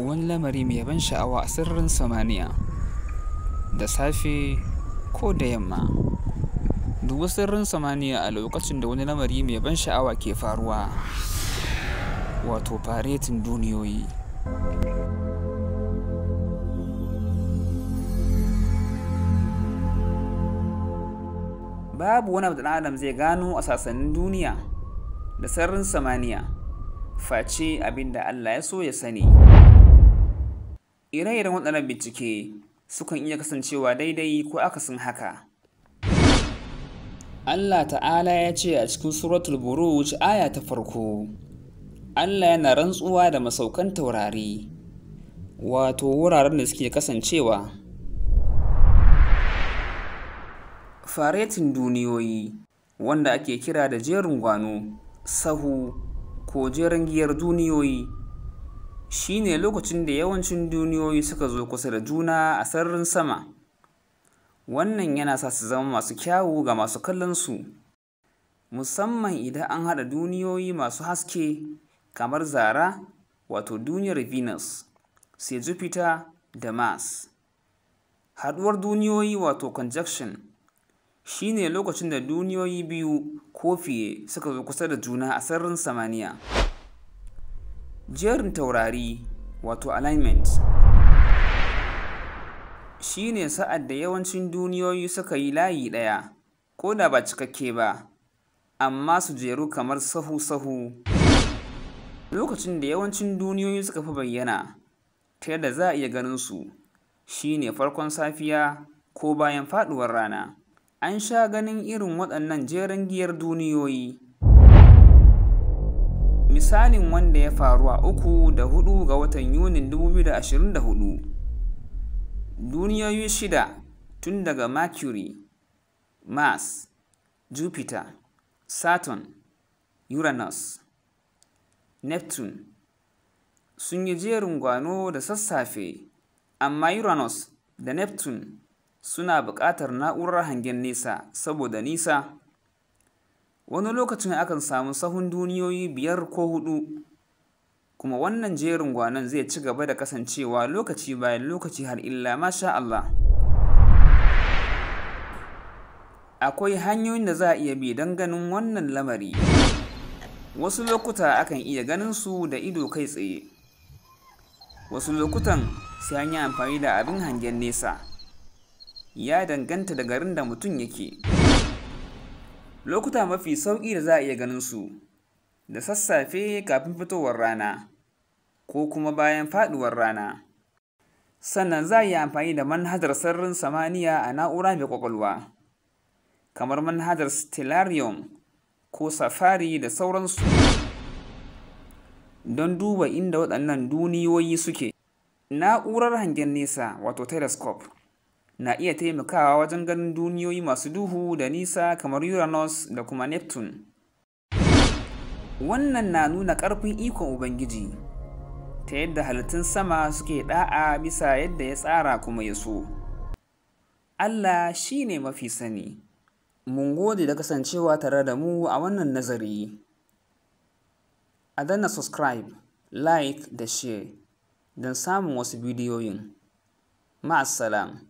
wani lamari mai ban sha'awa a sirrin samaniya da safe ko da yamma dubu sirrin samaniya a lokacin da wani lamari mai ban sha'awa ke faruwa wato faretin duniyoyi babu wani adam zai gano a sassanin duniya da sirrin samaniya face abin da Allah ya so ya sani. Ire-iren waɗannan bincike sukan iya kasancewa daidai ko akasin haka. Allah ta'ala ya ce a cikin suratul buruj aya ta farko, Allah yana rantsuwa da masaukan taurari, wato wuraren da suke kasancewa. Faretin duniyoyi wanda ake kira da jerin gwano, sahu ko giyar duniyoyi shine lokacin da yawancin duniyoyi suka zo kusa da juna a sararin sama wannan yana sa su zama masu kyawu ga masu kallon su musamman idan an haɗa duniyoyi masu haske kamar zara wato duniyar venus sai jupiter da mars haɗuwar duniyoyi wato conjunction shi ne lokacin da duniyoyi biyu ko fiye suka zo kusa da juna a sararin samaniya jerin taurari wato alignment shi ne sa'ad da yawancin duniyoyi suka yi layi ɗaya ko da ba cikakke ba amma su jeru kamar sahu-sahu lokacin da yawancin duniyoyi suka fi bayyana ta yadda za a iya ganin su shine farkon safiya ko bayan faduwar rana an sha ganin irin waɗannan jeren giyar duniyoyi misalin wanda ya faru a uku da hudu ga watan yunin 2024 duniyoyi shida tun daga mercury mars jupiter saturn uranus neptune sun yi jerin gwano da sassafe amma uranus da neptune suna buƙatar na'urar hangen nesa saboda nisa wani lokacin akan samu sahun duniyoyi biyar ko hudu kuma wannan jerin gwanon zai ci gaba da kasancewa lokaci bayan lokaci har illa masha Allah akwai hanyoyin da za a iya bi don ganin wannan lamari wasu lokuta akan iya ganin su da ido kai tsaye wasu lokutan sai an yi amfani da abin hangen nesa ya danganta da garin da mutum yake lokuta mafi sauƙi da za a iya ganin su da sassafe kafin fitowar rana ko kuma bayan faɗuwar rana sannan za a yi amfani da manhajar sararin samaniya a na'ura mai ƙwaƙwalwa kamar manhajar stellarium ko safari da sauransu don duba inda waɗannan duniyoyi suke na'urar hangen nesa wato telescope na iya taimakawa wajen ganin duniyoyi masu duhu da nisa kamar Uranus da kuma Neptune. Wannan na nuna ƙarfin ikon Ubangiji, ta yadda halittun sama suke ɗa'a bisa yadda ya tsara kuma ya so. Allah shi ne mafi sani. Mun gode da kasancewa tare da mu a wannan nazari. A danna subscribe, like da share don samun wasu bidiyoyin. ma'asalam